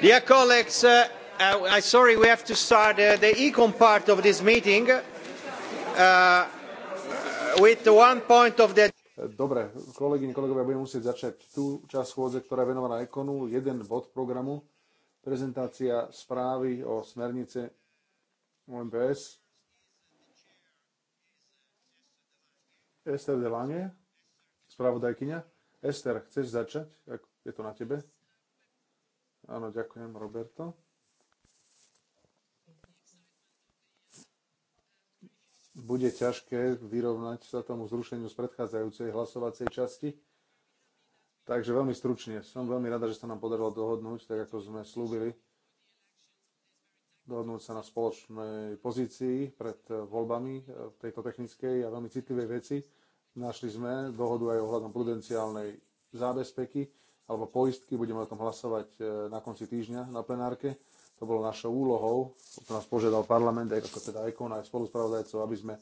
Dear colleagues, uh, uh I'm sorry we have to start uh, the econ part of this meeting uh, uh with one point of the... Dobre, kolegyne, kolegovia, budem musieť začať tú časť schôdze, ktorá je venovaná ekonu, jeden bod programu, prezentácia správy o smernice OMPS. Ester de Lange, spravodajkyňa. Ester, chceš začať? Je to na tebe. Áno, ďakujem, Roberto. Bude ťažké vyrovnať sa tomu zrušeniu z predchádzajúcej hlasovacej časti. Takže veľmi stručne. Som veľmi rada, že sa nám podarilo dohodnúť, tak ako sme slúbili, dohodnúť sa na spoločnej pozícii pred voľbami eh, v tejto technickej a veľmi citlivej veci. Našli sme dohodu aj ohľadom prudenciálnej zábezpeky alebo poistky. Budeme o tom hlasovať e, na konci týždňa na plenárke. To bolo našou úlohou, to nás požiadal parlament, aj ako teda ICON, aj spoluspravodajcov, aby sme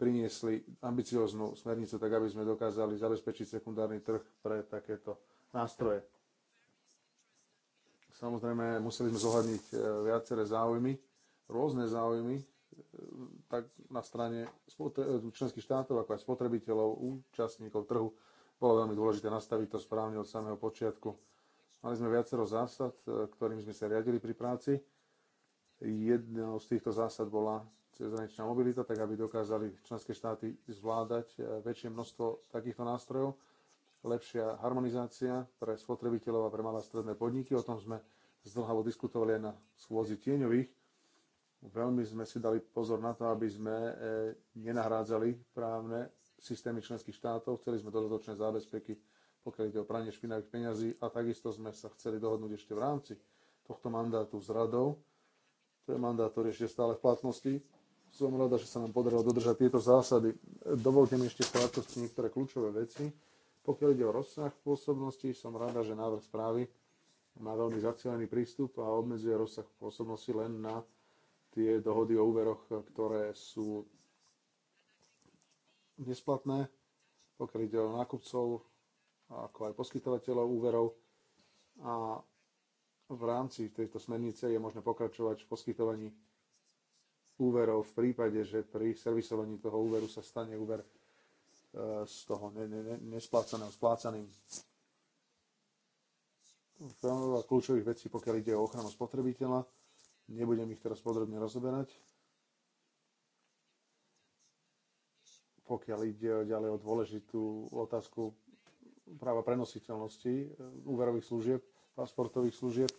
priniesli ambicióznu smernicu, tak aby sme dokázali zabezpečiť sekundárny trh pre takéto nástroje. Samozrejme, museli sme zohľadniť e, viaceré záujmy, rôzne záujmy, e, tak na strane členských štátov, ako aj spotrebiteľov, účastníkov trhu, bolo veľmi dôležité nastaviť to správne od samého počiatku. Mali sme viacero zásad, e, ktorým sme sa riadili pri práci. Jednou z týchto zásad bola cezhraničná mobilita, tak aby dokázali členské štáty zvládať e, väčšie množstvo takýchto nástrojov, lepšia harmonizácia pre spotrebiteľov a pre malé a stredné podniky. O tom sme zdlhavo diskutovali aj na schôzi tieňových. Veľmi sme si dali pozor na to, aby sme e, nenahrádzali právne systémy členských štátov, chceli sme dodatočné zábezpeky, pokiaľ ide o pranie špinavých peňazí a takisto sme sa chceli dohodnúť ešte v rámci tohto mandátu s radou. To je mandát, ktorý ešte stále v platnosti. Som rada, že sa nám podarilo dodržať tieto zásady. Dovolte mi ešte v krátkosti niektoré kľúčové veci. Pokiaľ ide o rozsah pôsobnosti, som rada, že návrh správy má veľmi zacielený prístup a obmedzuje rozsah pôsobnosti len na tie dohody o úveroch, ktoré sú nesplatné, pokiaľ ide o nákupcov, ako aj poskytovateľov úverov. A v rámci tejto smernice je možné pokračovať v poskytovaní úverov v prípade, že pri servisovaní toho úveru sa stane úver e, z toho ne, ne, ne, nesplácaného splácaným. Veľa kľúčových vecí, pokiaľ ide o ochranu spotrebiteľa. Nebudem ich teraz podrobne rozoberať. pokiaľ ide ďalej o dôležitú otázku práva prenositeľnosti e, úverových služieb, pasportových služieb, e,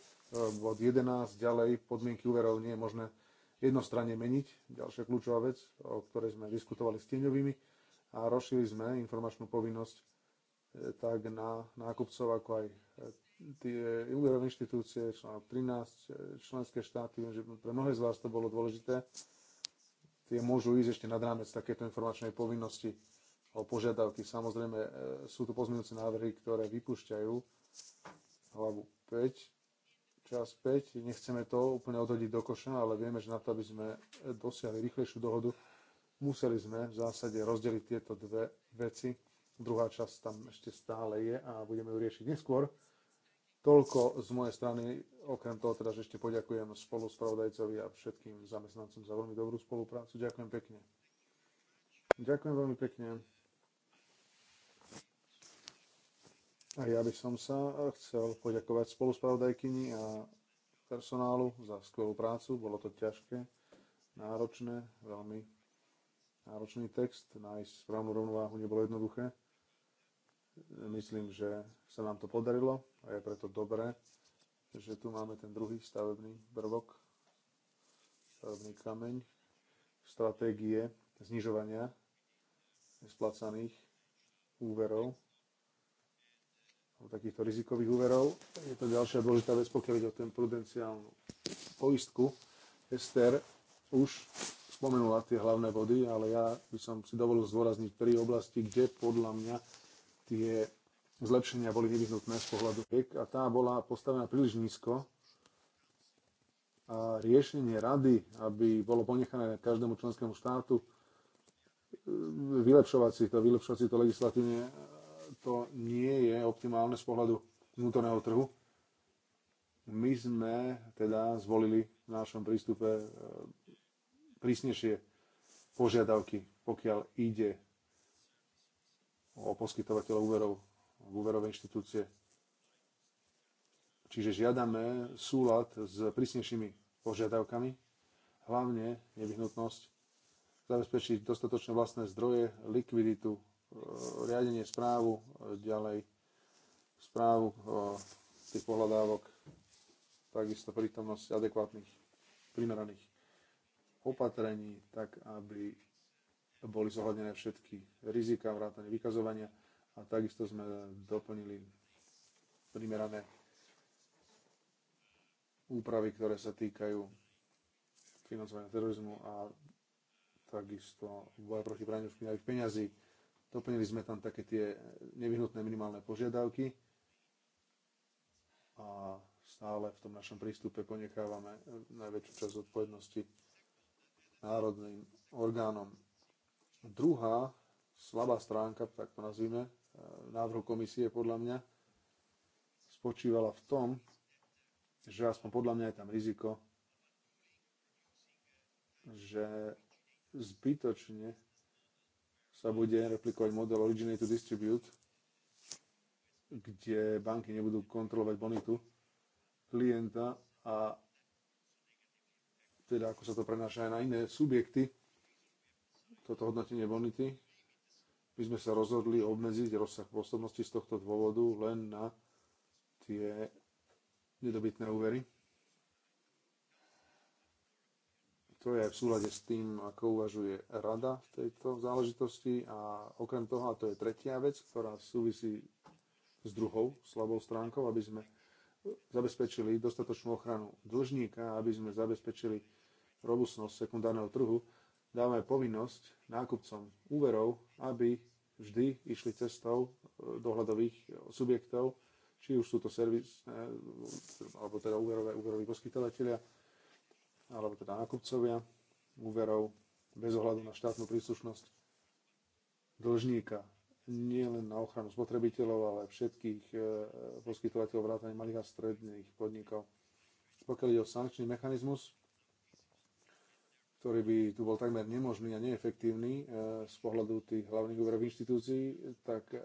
od 11 ďalej podmienky úverov nie je možné jednostranne meniť. Ďalšia kľúčová vec, o ktorej sme diskutovali s tieňovými a rozšili sme informačnú povinnosť e, tak na nákupcov, ako aj tie úverové inštitúcie, článok 13, členské štáty, viem, že pre mnohé z vás to bolo dôležité, tie môžu ísť ešte nad rámec takéto informačnej povinnosti o požiadavky. Samozrejme, e, sú tu pozmeňujúce návrhy, ktoré vypúšťajú hlavu 5, čas 5. Nechceme to úplne odhodiť do koša, ale vieme, že na to, aby sme dosiahli rýchlejšiu dohodu, museli sme v zásade rozdeliť tieto dve veci. Druhá časť tam ešte stále je a budeme ju riešiť neskôr. Toľko z mojej strany. Okrem toho teraz ešte poďakujem spolu spravodajcovi a všetkým zamestnancom za veľmi dobrú spoluprácu. Ďakujem pekne. Ďakujem veľmi pekne. A ja by som sa chcel poďakovať spoluspravodajkyni a personálu za skvelú prácu. Bolo to ťažké, náročné, veľmi náročný text. Nájsť správnu rovnováhu nebolo jednoduché. Myslím, že sa nám to podarilo a je preto dobré, že tu máme ten druhý stavebný prvok, stavebný kameň, stratégie znižovania splácaných úverov, takýchto rizikových úverov. Je to ďalšia dôležitá vec, pokiaľ ide o ten prudenciálnu poistku. Ester už spomenula tie hlavné body, ale ja by som si dovolil zdôrazniť tri oblasti, kde podľa mňa tie zlepšenia boli nevyhnutné z pohľadu riek a tá bola postavená príliš nízko. A riešenie rady, aby bolo ponechané každému členskému štátu e, vylepšovať si to, vylepšovať si to legislatívne, e, to nie je optimálne z pohľadu vnútorného trhu. My sme teda zvolili v našom prístupe e, prísnejšie požiadavky, pokiaľ ide o poskytovateľa úverov v úverovej inštitúcie. Čiže žiadame súlad s prísnejšími požiadavkami, hlavne nevyhnutnosť zabezpečiť dostatočné vlastné zdroje, likviditu, e, riadenie správu, e, ďalej správu e, tých pohľadávok, takisto prítomnosť adekvátnych, primeraných opatrení, tak aby boli zohľadnené všetky rizika, vrátane vykazovania a takisto sme doplnili primerané úpravy, ktoré sa týkajú financovania terorizmu a takisto boja proti praniu špinavých peňazí. Doplnili sme tam také tie nevyhnutné minimálne požiadavky a stále v tom našom prístupe ponechávame najväčšiu časť odpovednosti národným orgánom Druhá slabá stránka, tak to nazvime, e, návrhu komisie podľa mňa spočívala v tom, že aspoň podľa mňa je tam riziko, že zbytočne sa bude replikovať model originate to distribute, kde banky nebudú kontrolovať bonitu klienta a teda ako sa to prenáša aj na iné subjekty, toto hodnotenie bonity, my sme sa rozhodli obmedziť rozsah pôsobnosti z tohto dôvodu len na tie nedobytné úvery. To je v súlade s tým, ako uvažuje rada v tejto záležitosti a okrem toho, a to je tretia vec, ktorá súvisí s druhou slabou stránkou, aby sme zabezpečili dostatočnú ochranu dlžníka, aby sme zabezpečili robustnosť sekundárneho trhu, dáme povinnosť nákupcom úverov, aby vždy išli cestou e, dohľadových e, subjektov, či už sú to servis, e, alebo teda úverové, úveroví poskytovateľia, alebo teda nákupcovia úverov bez ohľadu na štátnu príslušnosť dlžníka. Nie len na ochranu spotrebiteľov, ale všetkých poskytovateľov vrátane malých a stredných podnikov. Pokiaľ ide o sankčný mechanizmus, ktorý by tu bol takmer nemožný a neefektívny eh, z pohľadu tých hlavných úverových inštitúcií, tak eh,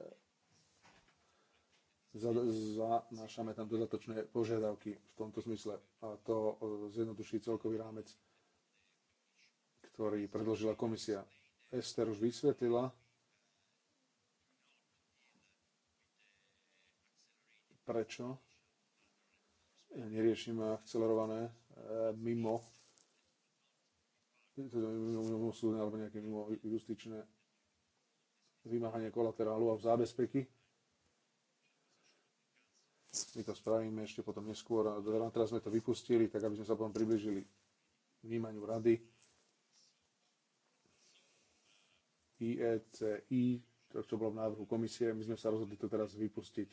zanášame tam dodatočné požiadavky v tomto zmysle. A to eh, zjednoduší celkový rámec, ktorý predložila komisia. Ester už vysvetlila prečo neriešime akcelerované mimo teda mimo súdne alebo nejaké mimo justičné vymáhanie kolaterálu a zábezpeky. My to spravíme ešte potom neskôr a teraz sme to vypustili, tak aby sme sa potom približili vnímaniu rady. IECI, e to čo bolo v návrhu komisie, my sme sa rozhodli to teraz vypustiť.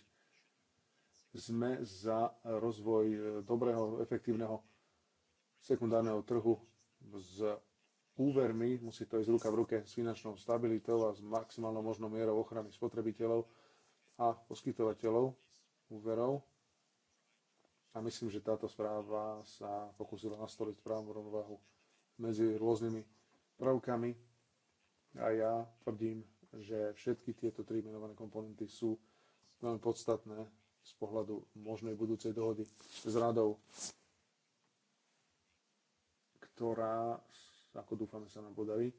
Sme za rozvoj e, dobrého, efektívneho sekundárneho trhu s úvermi, musí to ísť ruka v ruke s finančnou stabilitou a s maximálnou možnou mierou ochrany spotrebiteľov a poskytovateľov úverov. A myslím, že táto správa sa pokúsila nastoliť správnu rovnováhu medzi rôznymi prvkami. A ja tvrdím, že všetky tieto tri menované komponenty sú veľmi podstatné z pohľadu možnej budúcej dohody s radou, ktorá ako dúfame sa nám podarí,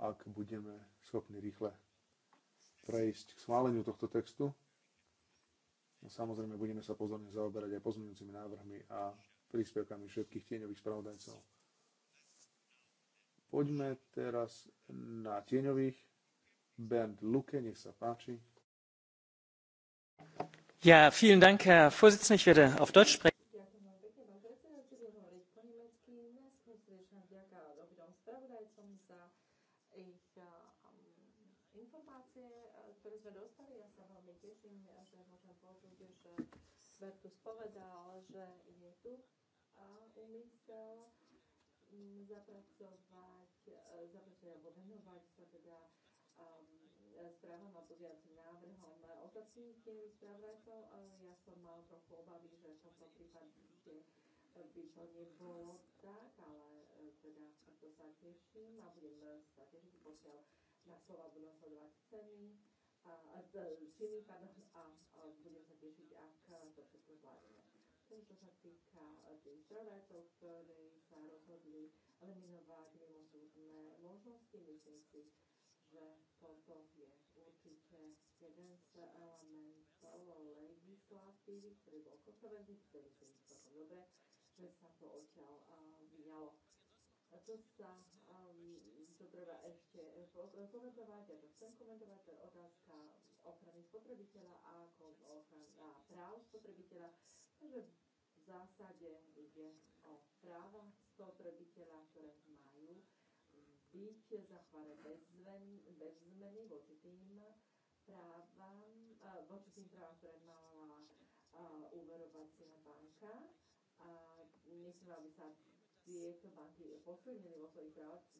ak budeme schopní rýchle prejsť k schváleniu tohto textu. A no, samozrejme, budeme sa pozorne zaoberať aj pozmeňujúcimi návrhmi a príspevkami všetkých tieňových spravodajcov. Poďme teraz na tieňových. Bernd Luke, nech sa páči. Ja, vielen Dank, Herr Vorsitzender. Ich werde auf Deutsch sprechen. ktoré sme dostali. Ja sa veľmi teším, ja, že môžem počuť, že Bertus povedal, že je tu a umysel mm, zapracovať, e, zapracovať alebo venovať sa teda um, správam a pozviacim návrhom otacníky správacov, ale ja som mal trochu obavy, že v tomto prípade by to nebolo tak, ale e, teda to sa teším a budem sa tešiť, pokiaľ na slova budú sledovať ceny a s tými pardon, a, a budem sa tešiť, ak to všetko zvládame. To čo sa týka e, tých zdravecov, ktorí sa rozhodli eliminovať mimosúdne možnosti, myslím si, že toto je určite jeden z elementov legislatívy, ktorý bol kontroverzný, ktorý si celkom dobre, že sa to odtiaľ vyjalo. E, a to sa to treba ešte eh, komentovať, ja to chcem komentovať, to je otázka ochrany spotrebiteľa a, ochran- práv spotrebiteľa. Takže v zásade ide o práva spotrebiteľa, ktoré majú byť zachované bez, bez zmeny voči tým právam, eh, voči tým právam, ktoré mala eh, úverovacia banka. A myslím, aby sa tieto banky posilnený vo svojich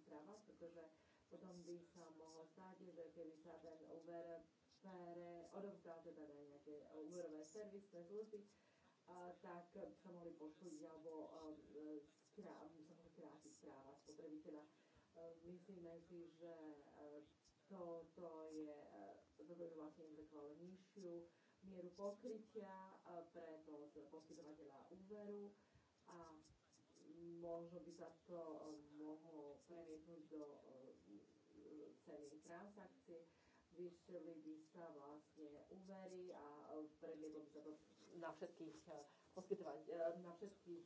právach, pretože potom by sa mohlo stáť, že keby sa ten úver pere, odovzdal teda na nejaké úverové servisné služby, a, tak sa mohli poškodiť alebo e, skrá, sa mohli krátiť práva spotrebiteľa. E, myslíme si, že e, toto je, toto je vlastne implikovalo nižšiu mieru pokrytia pre toho poskytovateľa úveru a možno by sa to eh, mohlo premietnúť do eh, ceny transakcie, vyšili by sa vlastne úvery a eh, premietlo by sa to na všetkých poskytovať, na všetkých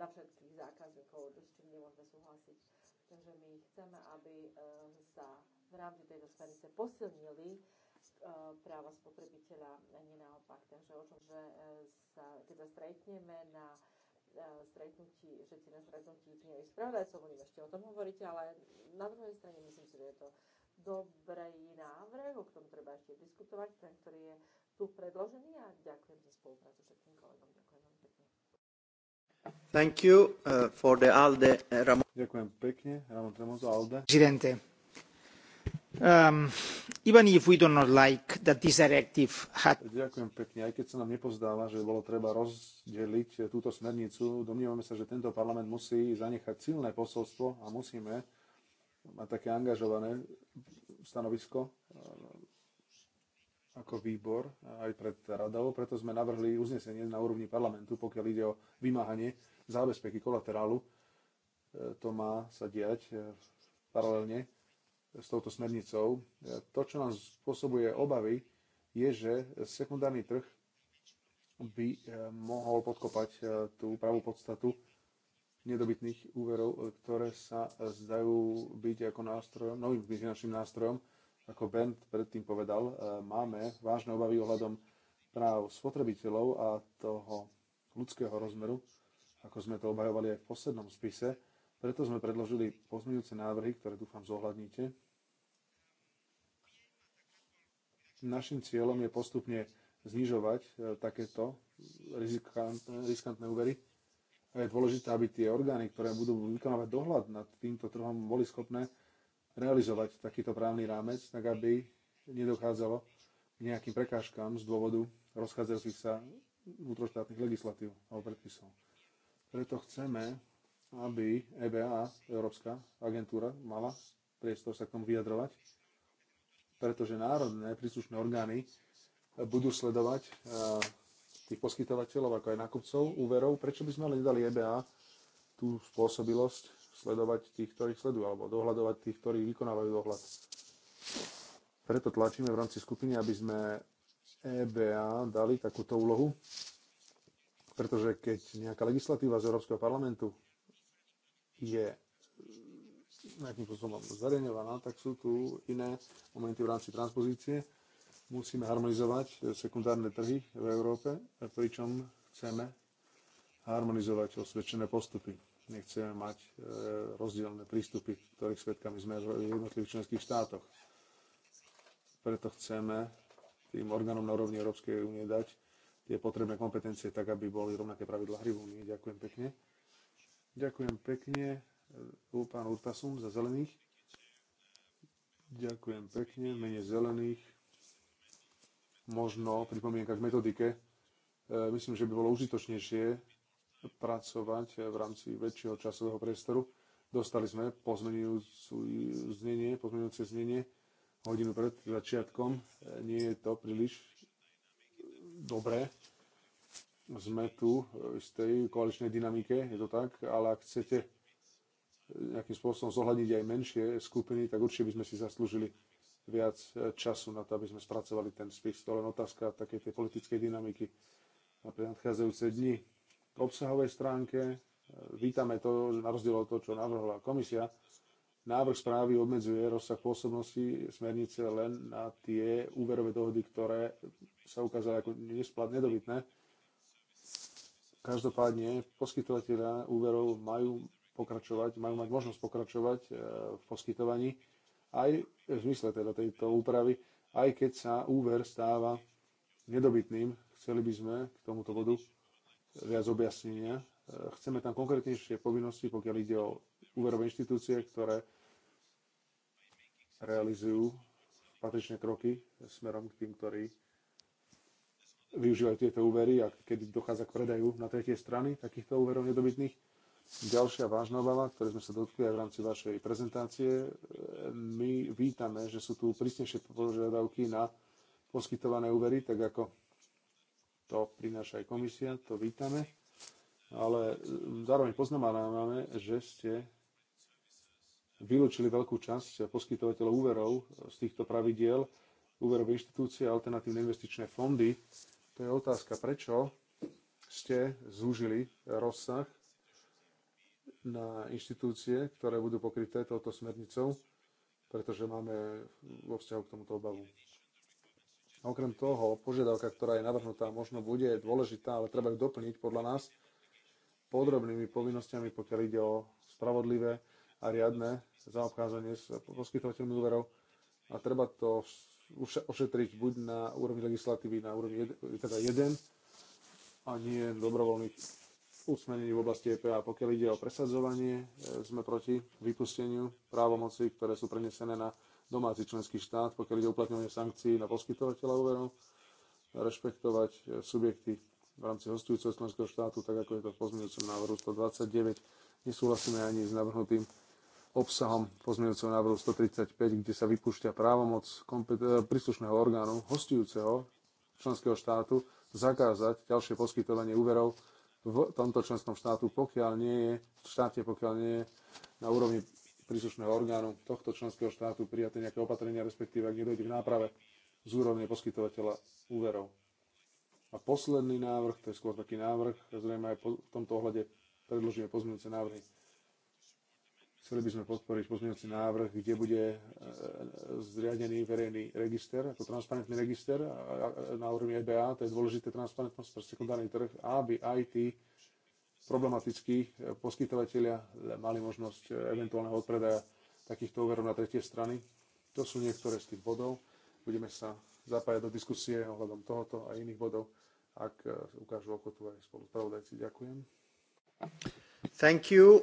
na všetkých zákazníkov, určite nemôžeme súhlasiť. Takže my chceme, aby sa v rámci tejto stanice posilnili Eh, práva spotrebiteľa, nie naopak. Takže o tom, že eh, sa, keď sa stretneme na eh, stretnutí, že ste na stretnutí knihových spravodajcov, oni ešte o tom hovoríte, ale na druhej strane myslím si, že je to dobrý návrh, o ktorom treba ešte diskutovať, ten, ktorý je tu predložený a ďakujem za spoluprácu všetkým kolegom. Ďakujem veľmi pekne. Thank you uh, for the ALDE. ďakujem pekne, Ramon Tremozo, ALDE. Žirente. Um, Ďakujem pekne. Aj keď sa nám nepozdáva, že bolo treba rozdeliť túto smernicu, domnievame sa, že tento parlament musí zanechať silné posolstvo a musíme mať také angažované stanovisko eh, ako výbor aj pred radou, preto sme navrhli uznesenie na úrovni parlamentu, pokiaľ ide o vymáhanie zábezpeky kolaterálu. Eh, to má sa diať eh, paralelne s touto smernicou. E, to, čo nám spôsobuje obavy, je, že sekundárny trh by e, mohol podkopať e, tú pravú podstatu nedobytných úverov, ktoré sa zdajú byť ako nástrojom, novým finančným nástrojom, ako Bent predtým povedal, máme vážne obavy ohľadom práv spotrebiteľov a toho ľudského rozmeru, ako sme to obhajovali aj v poslednom spise preto sme predložili pozmeňujúce návrhy, ktoré dúfam zohľadníte. Našim cieľom je postupne znižovať e, takéto riskantné úvery. A je dôležité, aby tie orgány, ktoré budú vykonávať dohľad nad týmto trhom, boli schopné realizovať takýto právny rámec, tak aby nedochádzalo k nejakým prekážkam z dôvodu rozchádzajúcich sa vnútroštátnych legislatív alebo predpisov. Preto chceme aby EBA, Európska agentúra, mala priestor sa k tomu vyjadrovať, pretože národné príslušné orgány budú sledovať e, tých poskytovateľov, ako aj nákupcov úverov. Prečo by sme ale nedali EBA tú spôsobilosť sledovať tých, ktorí sledujú, alebo dohľadovať tých, ktorí vykonávajú dohľad? Preto tlačíme v rámci skupiny, aby sme EBA dali takúto úlohu, pretože keď nejaká legislatíva z Európskeho parlamentu je mm, nejakým spôsobom zareňovaná, tak sú tu iné momenty v rámci transpozície. Musíme harmonizovať sekundárne trhy v Európe, pričom chceme harmonizovať osvedčené postupy. Nechceme mať e, rozdielne prístupy, ktorých svetkami sme v jednotlivých členských štátoch. Preto chceme tým orgánom na úrovni Európskej únie dať tie potrebné kompetencie tak, aby boli rovnaké pravidlá hry v únii. Ďakujem pekne. Ďakujem pekne e, pán Urtasum za zelených. Ďakujem pekne menej zelených. Možno pripomienka k metodike. E, myslím, že by bolo užitočnejšie pracovať v rámci väčšieho časového priestoru. Dostali sme znenie, pozmenujúce znenie hodinu pred začiatkom. E, nie je to príliš dobré sme tu z e, tej koaličnej dynamike, je to tak, ale ak chcete e, nejakým spôsobom zohľadniť aj menšie skupiny, tak určite by sme si zaslúžili viac e, času na to, aby sme spracovali ten spis. To len otázka takej tej politickej dynamiky na pre nadchádzajúce dni. K obsahovej stránke vítame to, že na rozdiel od toho, čo navrhla komisia, návrh správy obmedzuje rozsah pôsobnosti smernice len na tie úverové dohody, ktoré sa ukázali ako nedobytné Každopádne poskytovateľa úverov majú pokračovať, majú mať možnosť pokračovať e, v poskytovaní aj v zmysle teda tejto úpravy, aj keď sa úver stáva nedobytným. Chceli by sme k tomuto bodu viac objasnenia. E, chceme tam konkrétnejšie povinnosti, pokiaľ ide o úverové inštitúcie, ktoré realizujú patričné kroky smerom k tým, ktorí využívajú tieto úvery a keď dochádza k predaju na tretie strany takýchto úverov nedobytných. Ďalšia vážna obava, ktoré sme sa dotkli aj v rámci vašej prezentácie, e, my vítame, že sú tu prísnejšie požiadavky na poskytované úvery, tak ako to prináša aj komisia, to vítame. Ale zároveň poznamenávame, že ste vylúčili veľkú časť poskytovateľov úverov e, z týchto pravidiel, úverové inštitúcie a alternatívne investičné fondy to je otázka, prečo ste zúžili rozsah na inštitúcie, ktoré budú pokryté touto smernicou, pretože máme vo vzťahu k tomuto obavu. A okrem toho, požiadavka, ktorá je navrhnutá, možno bude dôležitá, ale treba ju doplniť podľa nás podrobnými povinnosťami, pokiaľ ide o spravodlivé a riadne zaobchádzanie s poskytovateľmi úverov. A treba to ošetriť buď na úrovni legislatívy na úrovni jed, teda 1 a nie dobrovoľných usmernení v oblasti EPA. Pokiaľ ide o presadzovanie, e, sme proti vypusteniu právomoci, ktoré sú prenesené na domáci členský štát, pokiaľ ide o uplatňovanie sankcií na poskytovateľa úverov, rešpektovať e, subjekty v rámci hostujúceho členského štátu, tak ako je to v pozmeňujúcom návrhu 129. Nesúhlasíme ani s navrhnutým obsahom pozmeňujúceho návrhu 135, kde sa vypúšťa právomoc e, príslušného orgánu hostujúceho členského štátu zakázať ďalšie poskytovanie úverov v tomto členskom štátu, pokiaľ nie je v štáte, pokiaľ nie je na úrovni príslušného orgánu tohto členského štátu prijaté nejaké opatrenia, respektíve ak nedojde k náprave z úrovne poskytovateľa úverov. A posledný návrh, to je skôr taký návrh, zrejme aj po, v tomto ohľade predložíme pozmeňujúce návrhy Chceli by sme podporiť pozmeňujúci návrh, kde bude e, zriadený verejný register, ako transparentný register na úrovni EBA, to je dôležité transparentnosť pre sekundárny trh, aby aj tí problematickí e, poskytovateľia e, mali možnosť eventuálneho odpredaja takýchto úverov na tretie strany. To sú niektoré z tých bodov. Budeme sa zapájať do diskusie ohľadom tohoto a iných bodov, ak ukážu okotu aj spolupravodajci. Ďakujem. Thank you.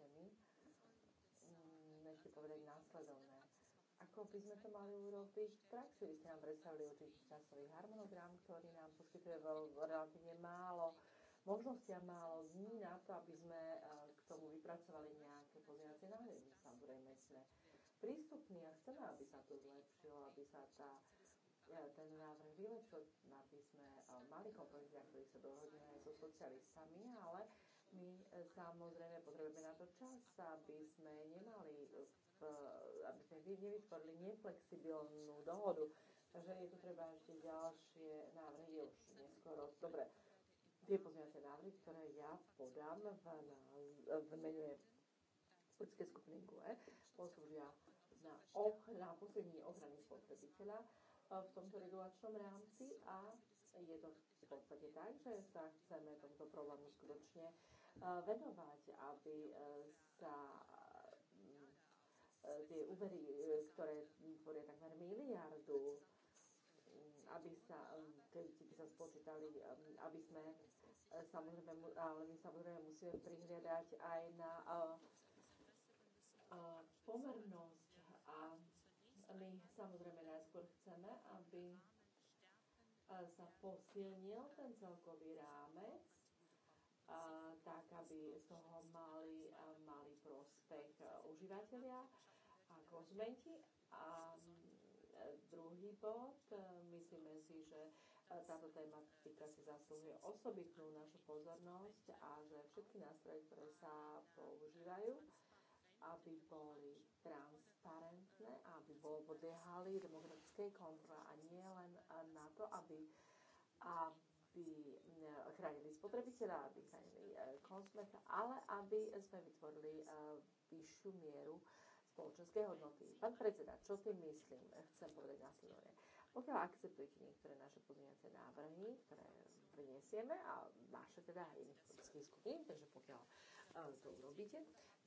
ešte povedať následovné. Ako by sme to mali urobiť v praxi? Vy ste nám predstavili určitý časový harmonogram, ktorý nám poskytuje relatívne málo možnosti a málo dní na to, aby sme e, k tomu vypracovali nejaké pozmeňovacie návrhy. Samozrejme sme prístupní a chceme, aby sa to zlepšilo, aby sa tá e, ten návrh vylepšil, aby sme e, mali kompromisy, na ktorých sa dohodneme so socialistami, ale my e, samozrejme potrebujeme na to čas, aby sme nemali, e, v, aby sme nevytvorili neflexibilnú dohodu. Takže je tu treba ešte ďalšie návrhy, už neskoro. Dobre, tie pozmeňovacie návrhy, ktoré ja podám v, v mene politické skupiny GUE, poslúžia na, och, na posilnenie ochrany spotrebiteľa e, v tomto regulačnom rámci a je to v podstate tak, že sa chceme tomto problému skutočne E, venovať, aby e, sa e, tie úvery, ktoré tvoria takmer miliardu, aby sa, keď by sa spočítali, aby sme samozrejme, ale my samozrejme musíme prihľadať aj na a, a pomernosť a my samozrejme najskôr chceme, aby sa posilnil ten celkový rád tak, aby z toho mali, mali prospech užívateľia a konzumenti. A mm, druhý bod, e, myslíme si, že e, táto tematika si zaslúhuje osobitnú našu pozornosť a že všetky nástroje, ktoré sa používajú, aby boli transparentné, aby bol podliehali demokratickej kontrole a nie len e, na to, aby, aby Mm, aby chránili spotrebiteľa, aby chránili konsumenta, ale aby sme vytvorili e, vyššiu mieru spoločenskej hodnoty. Pán predseda, čo tým myslím? Chcem povedať následovne. Pokiaľ akceptujete niektoré naše pozmeňujúce návrhy, ktoré prinesieme, a naše teda aj iných politických skupín, takže pokiaľ e, to urobíte,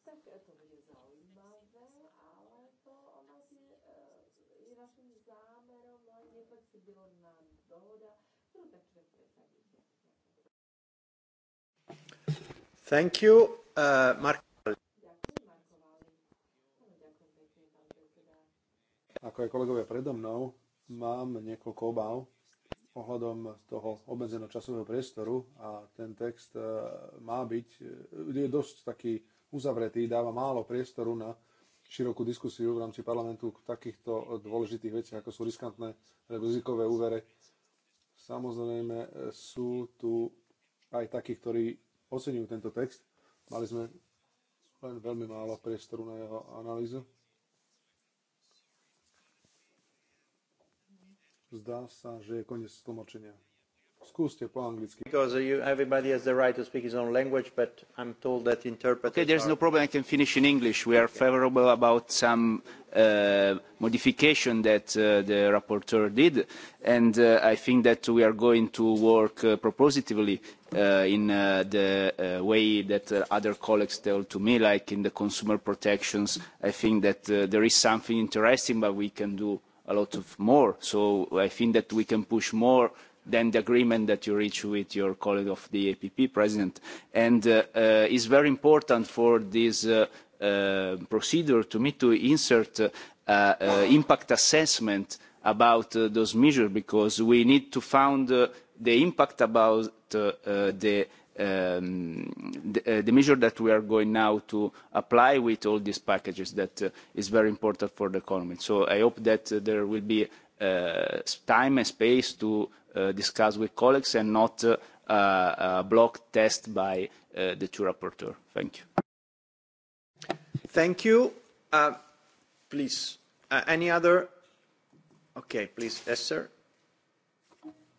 tak to bude zaujímavé, ale to ono je, vlastne, e, je našim zámerom, len no, neflexibilná dohoda, Thank you, uh, Mark. Ako aj kolegovia predo mnou, mám niekoľko obav ohľadom toho časového priestoru a ten text uh, má byť, uh, je dosť taký uzavretý, dáva málo priestoru na širokú diskusiu v rámci parlamentu k takýchto dôležitých veciach, ako sú riskantné rizikové úvere, Samozrejme e, sú tu aj takí, ktorí ocenujú tento text. Mali sme len veľmi málo priestoru na jeho analýzu. Zdá sa, že je koniec tlmočenia. Skúste po anglicky. Because you, everybody has the right to speak his own language, but I'm told that interpreters Okay, there's are... no problem. I can finish in English. We are okay. favorable about some uh, modification that uh, the rapporteur did, and uh, I think that we are going to work uh, propositively uh, in uh, the uh, way that uh, other colleagues tell to me, like in the consumer protections. I think that uh, there is something interesting, but we can do a lot of more. So I think that we can push more than the agreement that you reach with your colleague of the APP president. And uh, uh, it's very important for this uh, uh, procedure to me to insert uh, uh, impact assessment about uh, those measures because we need to found uh, the impact about uh, uh, the um, the, uh, the measure that we are going now to apply with all these packages that uh, is very important for the economy. So I hope that uh, there will be uh, time and space to uh, discuss with colleagues and not uh, uh, block test by uh, the two rapporteur. Thank you. Thank you. Uh, please, uh, any other? Okay, please, yes, sir.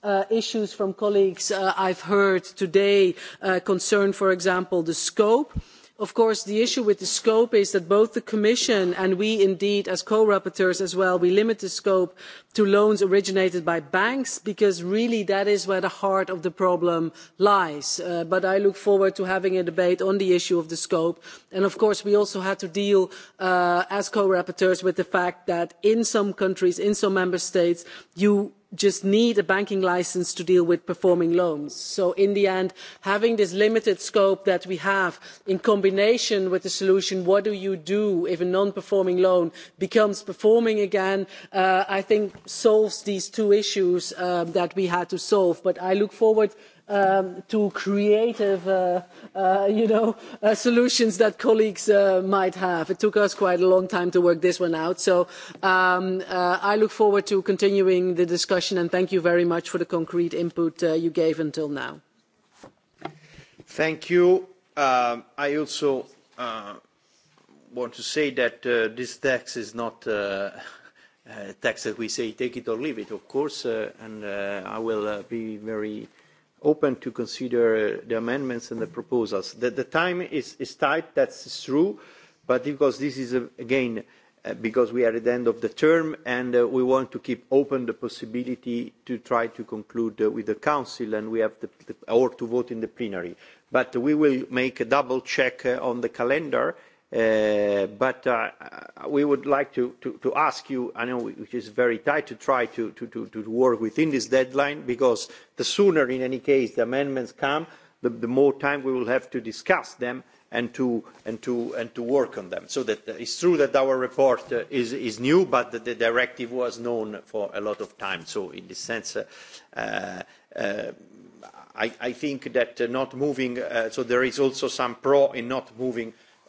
Uh, issues from colleagues uh, I've heard today uh, concern, for example, the scope. Of course, the issue with the scope is that both the Commission and we indeed as co-rapporteurs as well, we limit the scope to loans originated by banks because really that is where the heart of the problem lies. Uh, but I look forward to having a debate on the issue of the scope. And of course, we also had to deal uh, as co-rapporteurs with the fact that in some countries, in some member states, you just need a banking licence to deal with performing loans. so in the end having this limited scope that we have in combination with the solution what do you do if a non performing loan becomes performing again uh, i think solves these two issues uh, that we had to solve but i look forward um, to creative, uh, uh, you know, uh, solutions that colleagues uh, might have. It took us quite a long time to work this one out. So um, uh, I look forward to continuing the discussion and thank you very much for the concrete input uh, you gave until now. Thank you. Uh, I also uh, want to say that uh, this text is not uh, a text that we say take it or leave it, of course, uh, and uh, I will uh, be very open to consider uh, the amendments and the proposals. The, the time is, is tight, that's true, but because this is, a, uh, again, uh, because we are at the end of the term and uh, we want to keep open the possibility to try to conclude uh, with the Council and we have the, the, or to vote in the plenary. But we will make a double check uh, on the calendar Uh, but uh, we would like to, to, to ask you, I know which is very tight, to try to, to, to, to work within this deadline because the sooner, in any case, the amendments come, the, the more time we will have to discuss them and to, and to, and to work on them. So that uh, it's true that our report uh, is, is new, but the, the directive was known for a lot of time. So in this sense, uh, uh, I, I think that uh, not moving, uh, so there is also some pro in not moving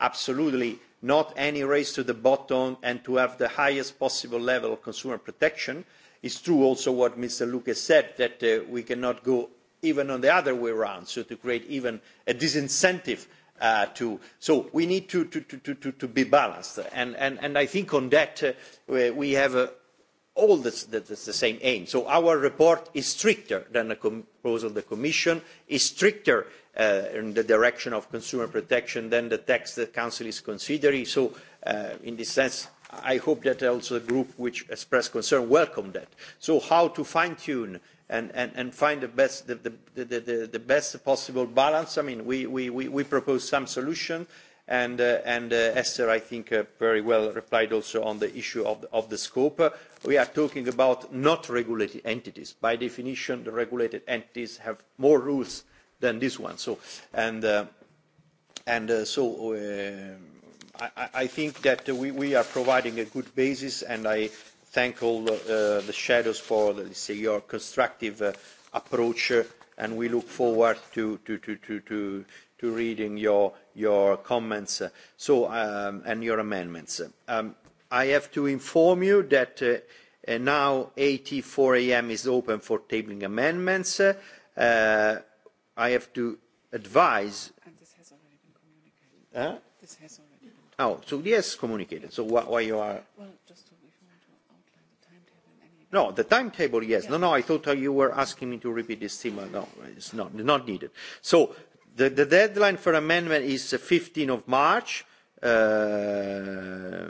absolutely not any race to the bottom and to have the highest possible level of consumer protection. It's true also what Mr. Lucas said, that uh, we cannot go even on the other way around, so to create even a disincentive uh, to... So we need to, to, to, to, to be balanced. And, and, and I think on that uh, we have a all the, the, the same aim. So our report is stricter than the proposal of the Commission, is stricter uh, in the direction of consumer protection than the text the Council is considering. So uh, in this sense, I hope that also the group which expressed concern welcomed that. So how to fine-tune and, and, and find the best, the, the, the, the, the best possible balance? I mean, we, we, we, we propose some solutions and, uh, and uh, Esther, I think, uh, very well replied also on the issue of the, of the scope. Uh, we are talking about not regulated entities. By definition, the regulated entities have more rules than this one. So, and uh, and uh, so uh, I, I think that we, we are providing a good basis, and I thank all uh, the shadows for let's say, your constructive uh, approach, uh, and we look forward to, to, to, to, to to reading your, your comments uh, so, um, and your amendments. Um, I have to inform you that uh, uh now 84 a.m. is open for tabling amendments. Uh, uh, I have to advise... And this has already been communicated. Huh? This has already been Oh, so yes, communicated. So wh why you are... Well, just to, if you want to outline the timetable. And No, the timetable, yes. No, yeah. No, no, I thought you were asking me to repeat this theme. No, it's not, not needed. So The, the deadline for amendment is 15 of March, uh,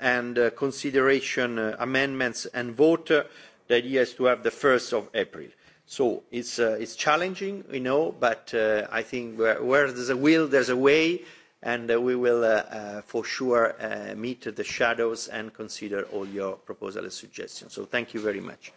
and uh, consideration uh, amendments and vote, uh, the idea is to have the 1st of April. So it's, uh, it's challenging, you know, but uh, I think where, where there's a will, there's a way, and uh, we will uh, uh, for sure uh, meet the shadows and consider all your proposals and suggestions. So thank you very much.